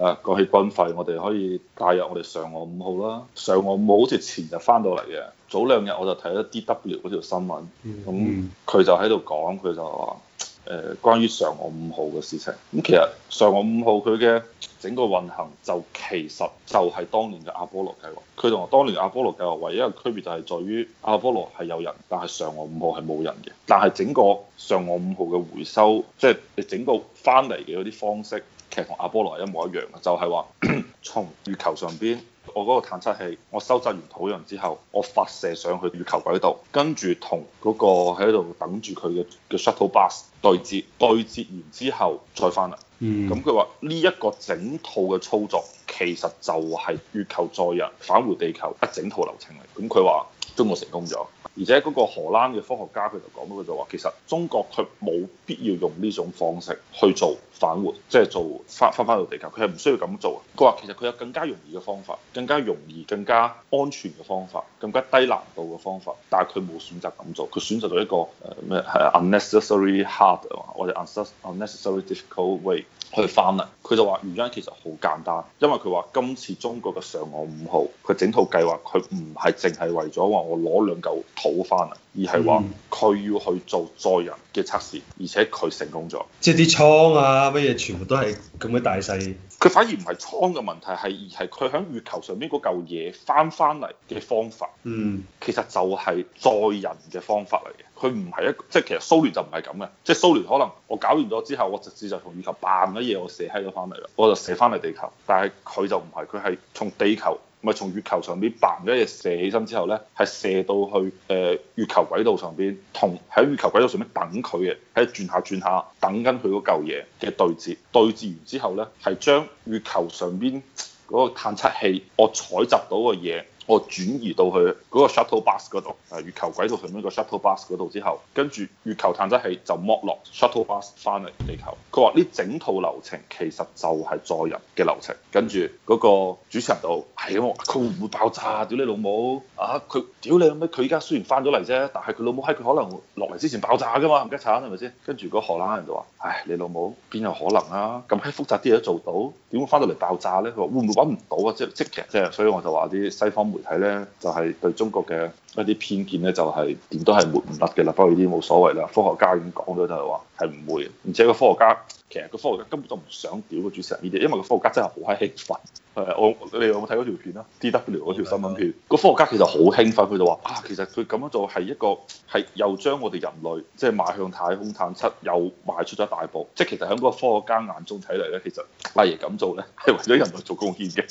啊，講起軍費，我哋可以帶入我哋嫦娥五號啦。嫦娥五號好似前日翻到嚟嘅，早兩日我就睇咗 DW 嗰條新聞，咁佢、mm hmm. 就喺度講，佢就話誒、呃、關於嫦娥五號嘅事情。咁其實嫦娥五號佢嘅整個運行就其實就係當年嘅阿波羅計劃。佢同當年阿波羅計劃唯一嘅區別就係在於阿波羅係有人，但係嫦娥五號係冇人嘅。但係整個嫦娥五號嘅回收，即係你整個翻嚟嘅嗰啲方式。其實同阿波羅一模一樣嘅，就係話 從月球上邊，我嗰個探測器，我收集完土壤之後，我發射上去月球軌道，跟住同嗰個喺度等住佢嘅嘅 shuttle bus 對接，對接完之後再翻嚟。嗯，咁佢話呢一個整套嘅操作，其實就係月球載人返回地球一整套流程嚟。咁佢話。中國成功咗，而且嗰個荷蘭嘅科學家佢就講到，佢就話其實中國佢冇必要用呢種方式去做返，就是，做返回，即係做翻翻翻到地球，佢係唔需要咁做。佢話其實佢有更加容易嘅方法，更加容易、更加安全嘅方法，更加低難度嘅方法，但係佢冇選擇咁做，佢選擇咗一個誒咩係 unnecessary hard 或者 unnecessary difficult way 去翻啦。佢就話原因其實好簡單，因為佢話今次中國嘅嫦娥五號佢整套計劃佢唔係淨係為咗話。我攞兩嚿土翻嚟，而係話佢要去做載人嘅測試，而且佢成功咗、嗯。即係啲倉啊，乜嘢全部都係咁嘅大細。佢反而唔係倉嘅問題，係而係佢喺月球上邊嗰嚿嘢翻翻嚟嘅方法。嗯，其實就係載人嘅方法嚟嘅。佢唔係一，即係其實蘇聯就唔係咁嘅。即係蘇聯可能我搞完咗之後，我直接就從月球掟咗嘢，我射喺度翻嚟啦，我就射翻嚟地球。但係佢就唔係，佢係從地球。咪從月球上邊掟咗嘢射起身之後咧，係射到去誒、呃、月球軌道上邊，同喺月球軌道上邊等佢嘅，喺度轉下轉下，等緊佢嗰嚿嘢嘅對接，對接完之後咧，係將月球上邊嗰個探測器我採集到嘅嘢。我轉移到去嗰個 shuttle bus 嗰度，誒月球軌道上面個 shuttle bus 嗰度之後，跟住月球探測器就剝落 shuttle bus 翻嚟地球。佢話呢，整套流程其實就係載人嘅流程，跟住嗰個主持人度：哎「係咁佢會唔會爆炸、啊？屌你老母！啊佢，屌你老乜？佢依家雖然翻咗嚟啫，但係佢老母喺佢可能落嚟之前爆炸噶嘛，冚家鏟係咪先？跟住個荷蘭人就話：唉、哎，你老母邊有可能啊？咁閪複雜啲嘢都做到，點會翻到嚟爆炸咧？佢話會唔會揾唔到啊？即即即啫，所以我就話啲西方。媒體咧就係對中國嘅。一啲偏見咧、就是，就係點都係抹唔甩嘅啦。不過呢啲冇所謂啦，科學家已經講咗就係話係唔會。而且個科學家其實個科學家根本都唔想屌個主持人呢啲，因為個科學家真係好閪興奮。誒，我你有冇睇嗰條片啊？D W 嗰條新聞片，個科學家其實好興奮，佢就話啊，其實佢咁樣做係一個係又將我哋人類即係、就是、邁向太空探測又邁出咗大步。即係其實喺個科學家眼中睇嚟咧，其實例如咁做咧係為咗人類做貢獻嘅。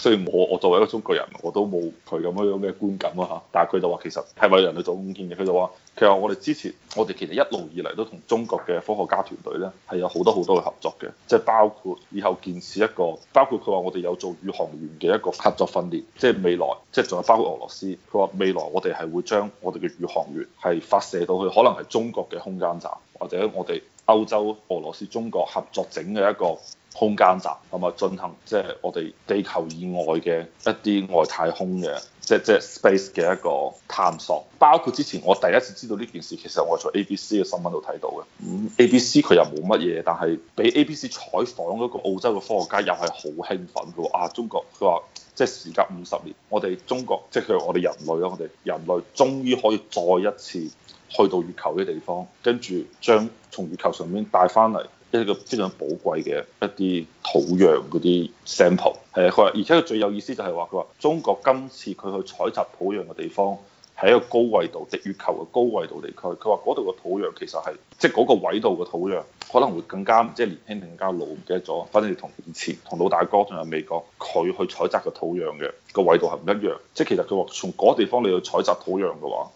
所以我我作為一個中國人，我都冇佢咁樣樣嘅觀感啊嚇。但係佢就話其實係為人類做貢獻嘅，佢就話其實我哋之前我哋其實一路以嚟都同中國嘅科學家團隊咧係有好多好多嘅合作嘅，即係包括以後建設一個，包括佢話我哋有做宇航員嘅一個合作訓練，即係未來即係仲有包括俄羅斯，佢話未來我哋係會將我哋嘅宇航員係發射到去，可能係中國嘅空間站，或者我哋歐洲、俄羅斯、中國合作整嘅一個。空間站咁埋進行即係我哋地球以外嘅一啲外太空嘅即即 space 嘅一個探索，包括之前我第一次知道呢件事，其實我係從 ABC 嘅新聞度睇到嘅、嗯。咁 ABC 佢又冇乜嘢，但係俾 ABC 採訪嗰個澳洲嘅科學家又係好興奮佢喎。啊，中國佢話即係時隔五十年，我哋中國即係佢我哋人類咯，我哋人類終於可以再一次去到月球嘅地方，跟住將從月球上面帶翻嚟。一個非常寶貴嘅一啲土壤嗰啲 sample，係佢話，而且佢最有意思就係話佢話中國今次佢去採集土壤嘅地方係一個高緯度，月球嘅高緯度地區，佢話嗰度嘅土壤其實係即係嗰個緯度嘅土壤可能會更加唔知、即係、年輕定加老，唔記得咗，反正同以前同老大哥仲有美國佢去採集嘅土壤嘅、嗰個緯度係唔一樣，即、就、係、係、其實佢話從嗰個地方你去採集土壤嘅話。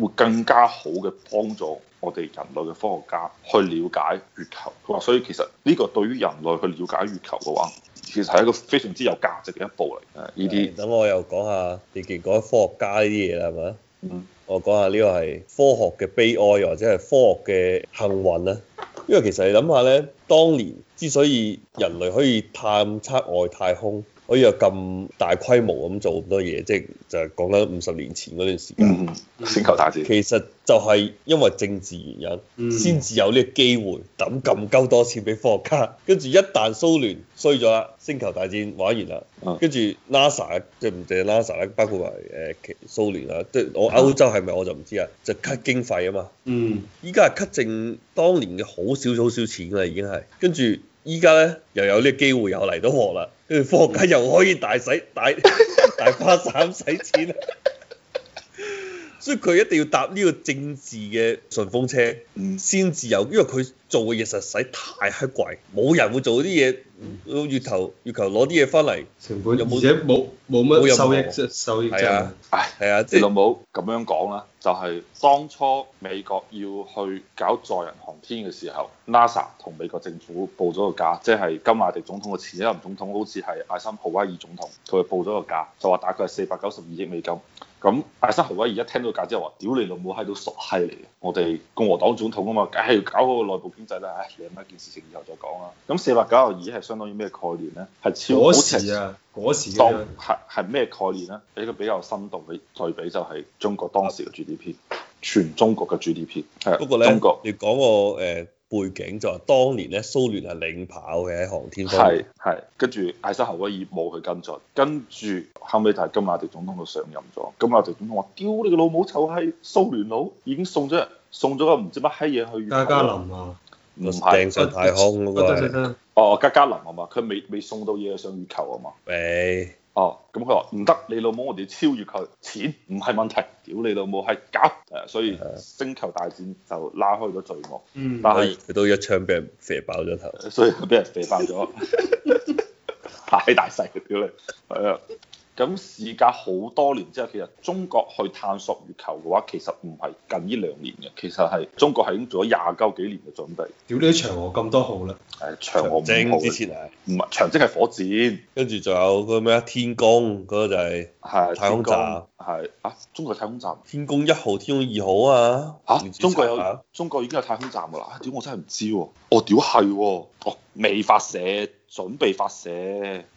會更加好嘅幫助我哋人類嘅科學家去了解月球。佢話所以其實呢個對於人類去了解月球嘅話，其實係一個非常之有價值嘅一步嚟。誒，呢啲，等我又講下你見講科學家呢啲嘢啦，係咪？嗯，我講下呢個係科學嘅悲哀，或者係科學嘅幸運咧。因為其實你諗下咧，當年之所以人類可以探測外太空。可以有咁大規模咁做咁多嘢，即係就係、是、講緊五十年前嗰段時間、嗯，星球大戰。其實就係因為政治原因，先至、嗯、有呢個機會抌咁鳩多錢俾科學家。跟住一旦蘇聯衰咗啦，星球大戰玩完啦，跟住 NASA 即係唔淨係 NASA 啦，A, A, 包括埋誒蘇聯啊，即係我歐洲係咪我就唔知啊，就 cut 經費啊嘛。嗯，依家係 cut 剩當年嘅好少好少錢啦，已經係跟住。依家咧又有呢個機會，又嚟到學啦，科學家又可以大洗大大花嬸洗錢， 所以佢一定要搭呢個政治嘅順風車先至有。因為佢做嘅嘢實在太黑貴，冇人會做啲嘢，月頭月球攞啲嘢翻嚟，成本有冇而冇冇乜收益啫。收益就係啊，係唉啊，即係老母咁樣講啦。就係當初美國要去搞載人航天嘅時候，NASA 同美國政府報咗個價，即係甘迺迪總統嘅前一任總統，好似係艾森豪威爾總統，佢報咗個價，就話大概係四百九十二億美金。咁艾森豪威爾一聽到價之後話：，屌你老母閪，喺度傻閪嚟嘅，我哋共和黨總統啊嘛，梗係要搞嗰個內部經濟啦。唉，另一件事情以後再講啦。咁四百九十二係相當於咩概念咧？係超好時啊，嗰時當係咩概念咧？俾個比較生動嘅對比就係中國當時嘅重全中國嘅 GDP，不過咧，中國你講個誒背景就係、是、當年咧蘇聯係領跑嘅喺航天，係係跟住艾森豪威爾冇去跟進，跟住後尾就係甘迺迪總統就上任咗，甘迺迪總統話：，屌你個老母臭閪，蘇聯佬已經送咗送咗個唔知乜閪嘢去月球啦，唔係登神太空嗰個係，哦，加加林啊嘛，佢未未送到嘢上月球啊嘛。哦，咁佢話唔得，你老母我哋超越佢，錢唔係問題，屌你老母係搞，誒所以星球大戰就拉開咗序幕，嗯、但係是佢、嗯、都一槍俾人射爆咗頭，所以俾人射爆咗，太 大細嘅屌你，係、嗯、啊。 咁時隔好多年之後，其實中國去探索月球嘅話，其實唔係近呢兩年嘅，其實係中國係已經做咗廿鳩幾年嘅準備。屌呢啲長河咁多號啦、哎，長征之前啊，唔係長征係火箭，跟住仲有嗰個咩啊？天宮嗰、那個就係係太空站，係嚇、啊啊、中國太空站，天宮一號、天宮二號啊嚇、啊！中國有中國已經有太空站噶啦，屌、哎、我真係唔知喎、啊，哦屌係喎，哦未發射。準備發射，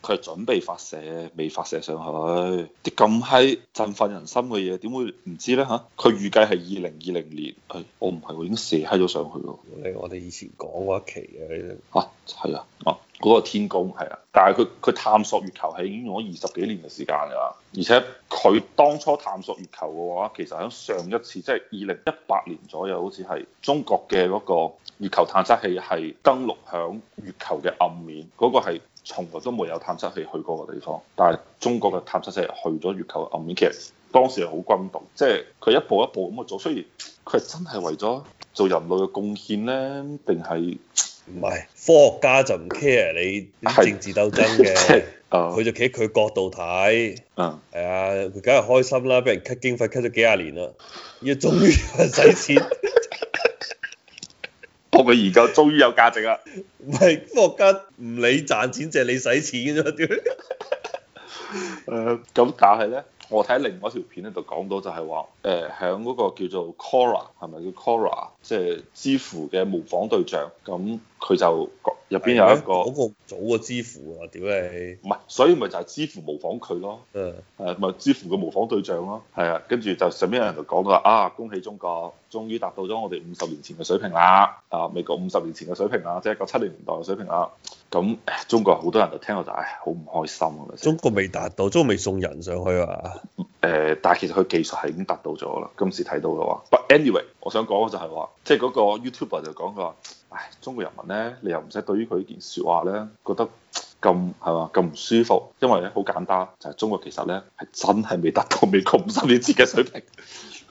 佢係準備發射，未發射上去。啲咁閪振奮人心嘅嘢，點會唔知呢？嚇？佢預計係二零二零年，係、哎、我唔係我已經射閪咗上去咯。你我哋以前講過一期嘅，嚇係啊，啊。嗰個天宮係啊，但係佢佢探索月球係已經用咗二十幾年嘅時間㗎啦。而且佢當初探索月球嘅話，其實喺上一次，即係二零一八年左右好，好似係中國嘅嗰個月球探測器係登陸響月球嘅暗面，嗰、嗰個係從來都冇有探測器去過嘅地方。但係中國嘅探測器去咗月球嘅暗面，其實當時係好轟動，即係佢一步一步咁去做。雖然佢係真係為咗做人類嘅貢獻呢，定係？唔係科學家就唔 care 你政治鬥爭嘅，佢、哦、就企喺佢角度睇，係、嗯、啊，佢梗係開心啦，俾人 cut 經費 cut 咗幾廿年啦，而家終於使錢，我嘅研究終於有價值啦。唔係 科學家唔理賺錢，借你使錢嘅啫。誒 咁、呃，但係咧，我睇另外一條片咧，就講到就係話，誒喺嗰個叫做 Cora 係咪叫 Cora？即係知乎嘅模仿對象咁。佢就入邊有一個嗰個組嘅支付啊！屌你唔係，所以咪就係支付模仿佢咯。誒誒的，咪支付嘅模仿對象咯。係啊，跟住就上邊有人就講話啊！恭喜中國，終於達到咗我哋五十年前嘅水平啦！啊，美國五十年前嘅水平啦，即係一九七零年代嘅水平啦。咁中國好多人就聽到就唉，好唔開心啊！中國未達到，中國未送人上去啊！誒，但係其實佢技術係已經達到咗啦，今時睇到嘅話。But anyway，我想講嘅就係話，即係嗰個 YouTube r 就講佢話，唉，中國人民咧，你又唔使對於佢呢件説話咧，覺得咁係嘛咁唔舒服，因為咧好簡單，就係、是、中國其實咧係真係未達到美國五十年前嘅水平。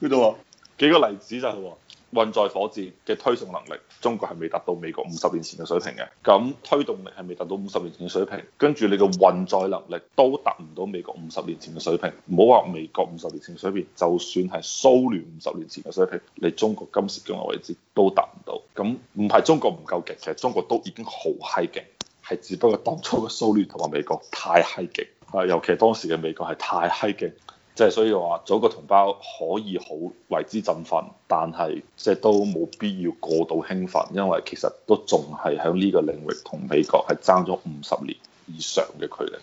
佢 就話幾個例子就係、是、話。運載火箭嘅推送能力，中國係未達到美國五十年前嘅水平嘅，咁推動力係未達到五十年前嘅水平，跟住你嘅運載能力都達唔到美國五十年前嘅水平。唔好話美國五十年前嘅水平，就算係蘇聯五十年前嘅水平，你中國今時今日為止都達唔到。咁唔係中國唔夠勁，其實中國都已經好閪勁，係只不過當初嘅蘇聯同埋美國太閪勁，啊，尤其當時嘅美國係太閪勁。即係所以話，祖國同胞可以好為之振奮，但係即係都冇必要過度興奮，因為其實都仲係喺呢個領域同美國係爭咗五十年以上嘅距離。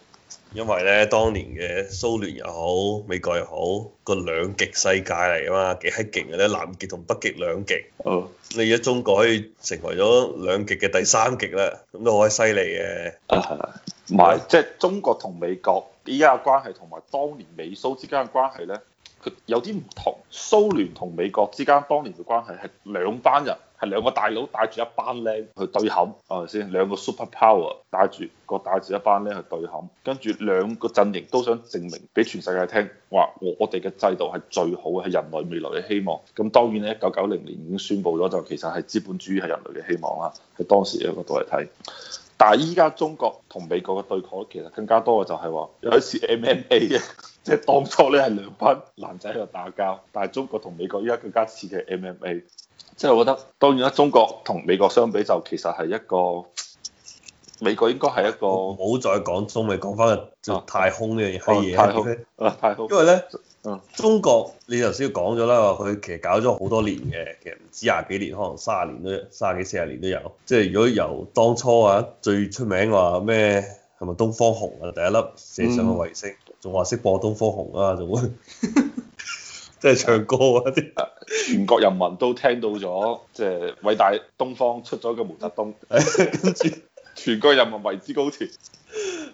因為咧，當年嘅蘇聯又好，美國又好，個兩極世界嚟啊嘛，幾閪勁嘅咧，南極同北極兩極。哦。你而家中國可以成為咗兩極嘅第三極啦，咁都好閪犀利嘅。啊係。唔係，即係中國同美國。你而家嘅關係同埋當年美蘇之間嘅關係呢，佢有啲唔同。蘇聯同美國之間當年嘅關係係兩班人，係兩個大佬帶住一班僆去對撼，係、嗯、咪先？兩個 super power 帶住個帶住一班僆去對撼，跟住兩個陣營都想證明俾全世界聽，話我哋嘅制度係最好嘅，係人類未來嘅希望。咁當然咧，一九九零年已經宣布咗，就其實係資本主義係人類嘅希望啦。喺當時嘅角度嚟睇。但係依家中國同美國嘅對抗，其實更加多嘅就係話有啲似 MMA 嘅，即係當初咧係兩班男仔喺度打交，但係中國同美國依家更加似嘅 MMA，即係我覺得當然啦，中國同美國相比就其實係一個美國應該係一個，唔好再講中美，講翻個太空呢樣嘢，太空，啊、太空，因為咧。嗯、中國你頭先講咗啦，話佢其實搞咗好多年嘅，其實唔止廿幾年，可能三十年都三幾四十年都有。即係如果由當初啊，最出名話咩係咪東方紅啊，第一粒射上嘅衛星，仲話識播東方紅啊，仲會即係唱歌嗰、啊、啲。全國人民都聽到咗，即、就、係、是、偉大東方出咗個毛澤東，全 全國人民為之高興。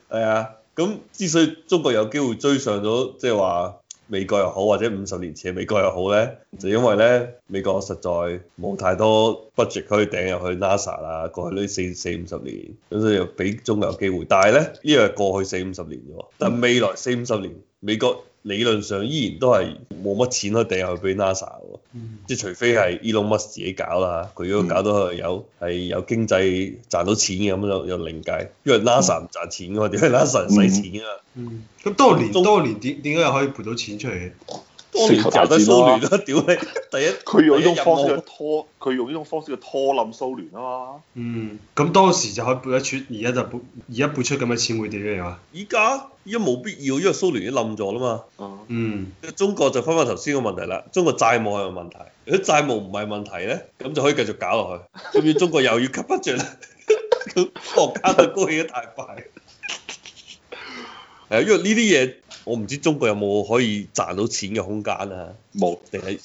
係 啊，咁之所以中國有機會追上咗，即係話。美國又好，或者五十年前美國又好呢就因為呢美國實在冇太多 budget 可以掟入去 NASA 啦。過去呢四四五十年，咁所以又俾中國有機會。但係呢，呢個係過去四五十年啫，但未來四五十年，美國理論上依然都係冇乜錢可以掟入去俾 NASA。即係除非係 Elon Musk 自己搞啦，佢如果搞到佢有係、嗯、有經濟賺到錢嘅，咁就又另計，因為 NASA 唔賺錢嘅嘛，點解 NASA 使錢啊、嗯？嗯，咁多年多年點點解又可以賠到錢出嚟嘅？蘇聯又得啦，屌你、啊！第一佢用呢種方式拖，佢 一用呢種方式去拖冧蘇聯啊嘛。嗯，咁當時就可以背得出，而家就背，而家背出咁嘅錢會點樣啊？依家依家冇必要，因為蘇聯已經冧咗啦嘛。嗯，嗯中。中國就翻翻頭先個問題啦，中國債務係個問題。如果債務唔係問題咧，咁就可以繼續搞落去。咁要 中國又要吸不住咧， 國家就高起得太快！誒， 因為呢啲嘢。我唔知中國有冇可以賺到錢嘅空間啊？冇定係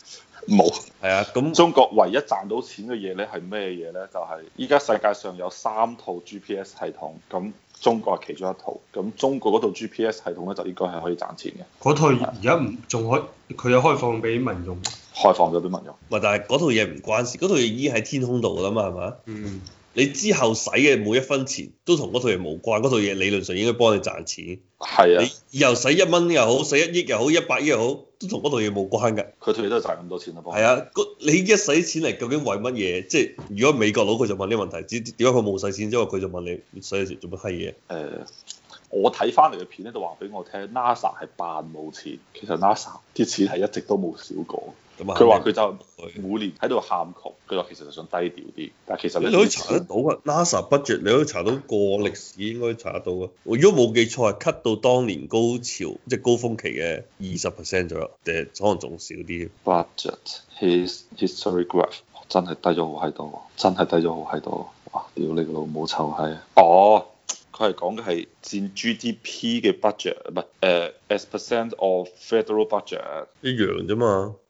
冇係啊！咁中國唯一賺到錢嘅嘢咧係咩嘢咧？就係依家世界上有三套 G P S 系統，咁中國係其中一套。咁中國嗰套 G P S 系統咧就應該係可以賺錢嘅。嗰套而家唔仲可佢有開放俾民用？開放咗俾民用。唔但係嗰套嘢唔關事。嗰套嘢已經喺天空度㗎嘛，係咪？嗯。你之後使嘅每一分錢都同嗰套嘢無關，嗰套嘢理論上應該幫你賺錢，係啊。你又使一蚊又好，使一億又好，一百億又好，都同嗰套嘢無關嘅。佢套嘢都係賺咁多錢啦，係啊，你一使錢嚟究竟為乜嘢？即係如果美國佬佢就問呢個問題，點點解佢冇使錢？之後佢就問你使嘅錢做乜閪嘢？誒、呃，我睇翻嚟嘅片咧，就話俾我聽，NASA 係扮冇錢，其實 NASA 啲錢係一直都冇少過。佢話佢就每年喺度喊窮，佢話其實就想低調啲，但係其實你可以查得到啊。到 NASA budget，你可以查到過歷史、oh. 應該查得到啊。如果冇記錯係 cut 到當年高潮即係、就是、高峰期嘅二十 percent 左右，定可能仲少啲。Budget his history graph 真係低咗好閪多，真係低咗好閪多。哇！屌你老母臭閪啊！哦、oh，佢係講嘅係佔 GDP 嘅 budget，唔、uh, 係誒 as percent of federal budget 一樣啫嘛。